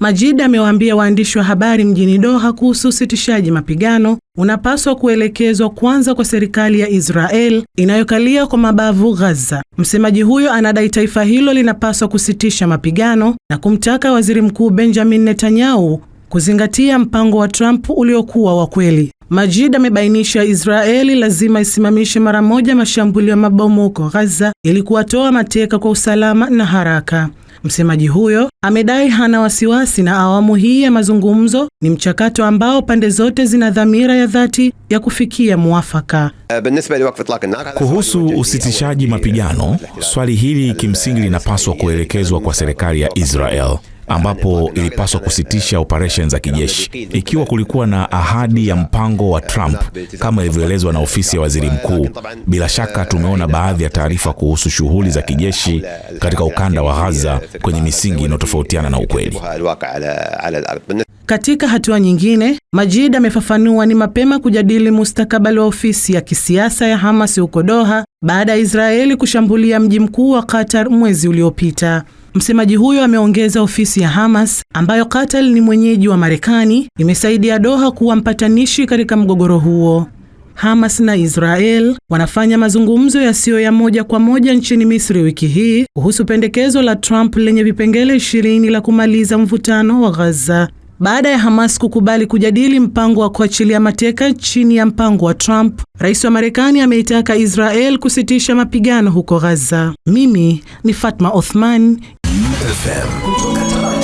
Majid amewaambia waandishi wa habari mjini Doha kuhusu usitishaji mapigano unapaswa kuelekezwa kwanza kwa serikali ya Israel inayokalia kwa mabavu Gaza. Msemaji huyo anadai taifa hilo linapaswa kusitisha mapigano na kumtaka Waziri Mkuu Benjamin Netanyahu kuzingatia mpango wa Trump uliokuwa wa kweli. Majid amebainisha Israeli lazima isimamishe mara moja mashambulio ya mabomu huko Gaza ili kuwatoa mateka kwa usalama na haraka. Msemaji huyo amedai hana wasiwasi na awamu hii ya mazungumzo ni mchakato ambao pande zote zina dhamira ya dhati ya kufikia mwafaka. Eh, Kuhusu usitishaji mapigano, swali hili kimsingi linapaswa kuelekezwa kwa serikali ya Israel ambapo ilipaswa kusitisha operesheni za kijeshi, ikiwa kulikuwa na ahadi ya mpango wa Trump kama ilivyoelezwa na ofisi ya waziri mkuu. Bila shaka tumeona baadhi ya taarifa kuhusu shughuli za kijeshi katika ukanda wa Gaza kwenye misingi inayotofautiana na ukweli. Katika hatua nyingine, Majid amefafanua ni mapema kujadili mustakabali wa ofisi ya kisiasa ya Hamas huko Doha baada ya Israeli kushambulia mji mkuu wa Qatar mwezi uliopita. Msemaji huyo ameongeza ofisi ya Hamas ambayo Qatar ni mwenyeji wa Marekani imesaidia Doha kuwa mpatanishi katika mgogoro huo. Hamas na Israel wanafanya mazungumzo yasiyo ya moja kwa moja nchini Misri wiki hii kuhusu pendekezo la Trump lenye vipengele ishirini la kumaliza mvutano wa Gaza. Baada ya Hamas kukubali kujadili mpango wa kuachilia mateka chini ya mpango wa Trump, rais wa Marekani ameitaka Israel kusitisha mapigano huko Gaza. Mimi ni Fatma Othman. FM